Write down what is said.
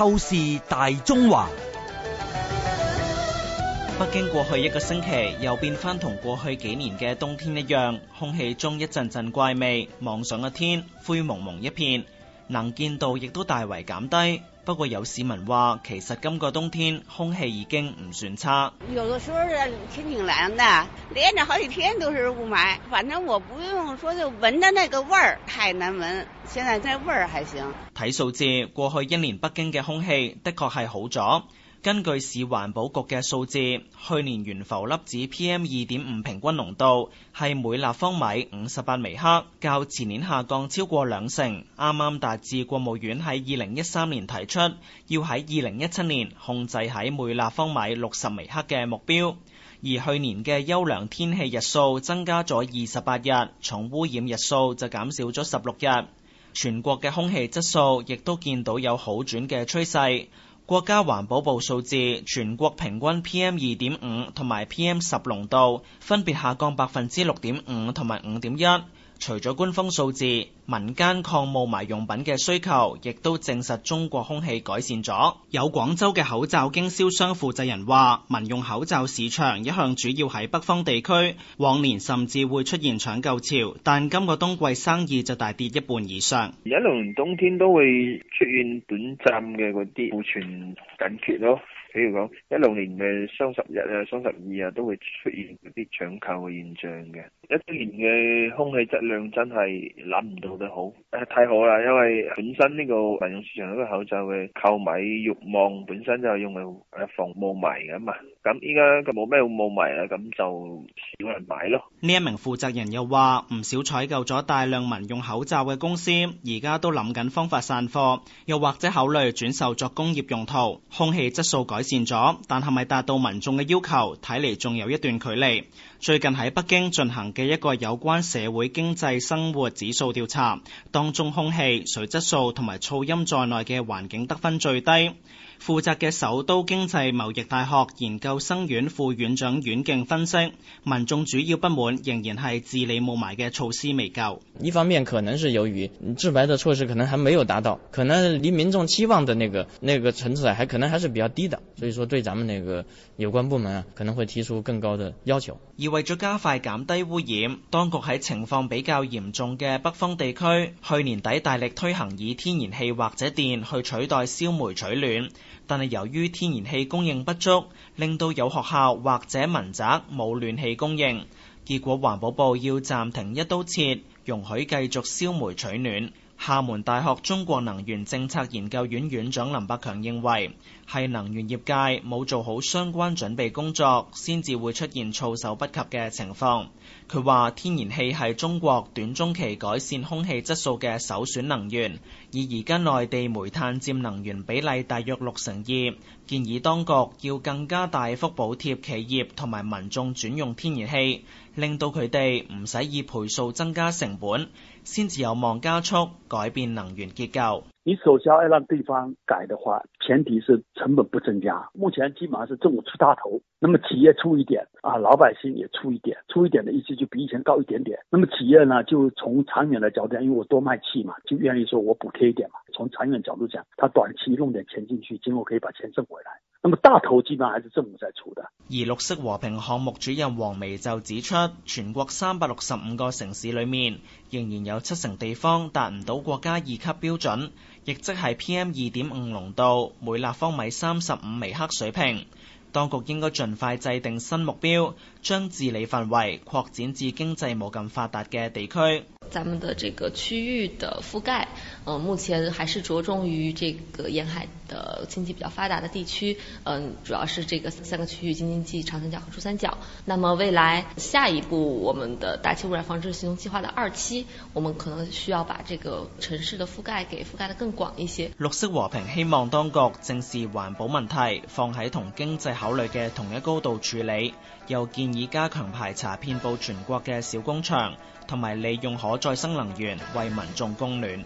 透視大中華。北京過去一個星期又變翻同過去幾年嘅冬天一樣，空氣中一陣陣怪味，望上嘅天灰蒙蒙一片，能見度亦都大為減低。不過有市民話，其實今個冬天空氣已經唔算差。有時候天挺藍的，連着好幾天都是霧霾，反正我不用說就聞到那個味太難聞，現在味還行。睇數字，過去一年北京嘅空氣的確係好咗。根據市環保局嘅數字，去年懸浮粒子 PM 二點五平均濃度係每立方米五十八微克，較前年下降超過兩成。啱啱，達至國務院喺二零一三年提出要喺二零一七年控制喺每立方米六十微克嘅目標。而去年嘅優良天氣日數增加咗二十八日，重污染日數就減少咗十六日。全國嘅空氣質素亦都見到有好轉嘅趨勢。國家環保部數字，全國平均 PM2.5 同埋 PM10 濃度，分別下降百分之六點五同埋五點一。除咗官方數字，民間抗霧霾用品嘅需求，亦都證實中國空氣改善咗。有廣州嘅口罩經銷商負責人話，民用口罩市場一向主要喺北方地區，往年甚至會出現搶購潮，但今個冬季生意就大跌一半以上。而一六年冬天都會出現短暫嘅嗰啲庫存緊缺咯，譬如講一六年嘅雙十一啊、雙十二啊，都會出現嗰啲搶購嘅現象嘅。一年嘅空氣質量真係諗唔到得好，太好啦！因為本身呢個民用市場呢個口罩嘅購買欲望本身就係用嚟防霧霾嘅嘛。咁依家佢冇咩霧霾啦，咁就少人買咯。呢一名負責人又話唔少採購咗大量民用口罩嘅公司，而家都諗緊方法散貨，又或者考慮轉售作工業用途。空氣質素改善咗，但係咪達到民眾嘅要求，睇嚟仲有一段距離。最近喺北京進行嘅一個有關社會經濟生活指數調查，當中空氣水質素同埋噪音在內嘅環境得分最低。負責嘅首都經濟貿易大學研究救生院副院長阮敬分析，民眾主要不滿仍然係治理霧霾嘅措施未夠。一方面可能是由於治霾嘅措施可能還沒有達到，可能離民眾期望的那個那個層次還可能還是比較低的，所以說對咱們那個有關部門啊可能會提出更高的要求。而為咗加快減低污染，當局喺情況比較嚴重嘅北方地區去年底大力推行以天然氣或者電去取代燒煤取暖，但係由於天然氣供應不足，令都有學校或者民宅冇暖氣供應，結果環保部要暫停一刀切，容許繼續燒煤取暖。廈門大學中國能源政策研究院院長林伯強認為，係能源業界冇做好相關準備工作，先至會出現措手不及嘅情況。佢話天然氣係中國短中期改善空氣質素嘅首選能源，而而家內地煤炭占能源比例大約六成二，建議當局要更加大幅補貼企業同埋民眾轉用天然氣，令到佢哋唔使以倍數增加成本。先至有望加速改變能源結構。你首先要讓地方改的話，前提是成本不增加。目前基本上是政府出大頭，那麼企業出一點，啊，老百姓也出一點，出一點的意思就比以前高一點點。那麼企業呢，就從長遠的角度因為我多賣氣嘛，就願意說我補貼一點嘛。從長遠角度講，他短期弄點錢進去，今後可以把錢掙回來。那麼大頭基本上還是政府在出的。而綠色和平項目主任黃薇就指出，全國三百六十五個城市裏面，仍然有七成地方達唔到國家二級標準，亦即係 PM 二點五濃度每立方米三十五微克水平。當局應該盡快制定新目標，將治理範圍擴展至經濟冇咁發達嘅地區。咱們的這個區域的覆蓋，嗯、呃，目前還是着重於這個沿海的經濟比較發達的地區，嗯、呃，主要是這個三個區域：京津冀、長三角和珠三角。那麼未來下一步，我們的大氣污染防治行動計劃的二期，我們可能需要把這個城市的覆蓋給覆蓋得更廣一些。綠色和平希望當局正視環保問題，放喺同經濟考慮嘅同一高度處理，又建議加強排查遍布全國嘅小工廠，同埋利用可再生能源為民眾供暖。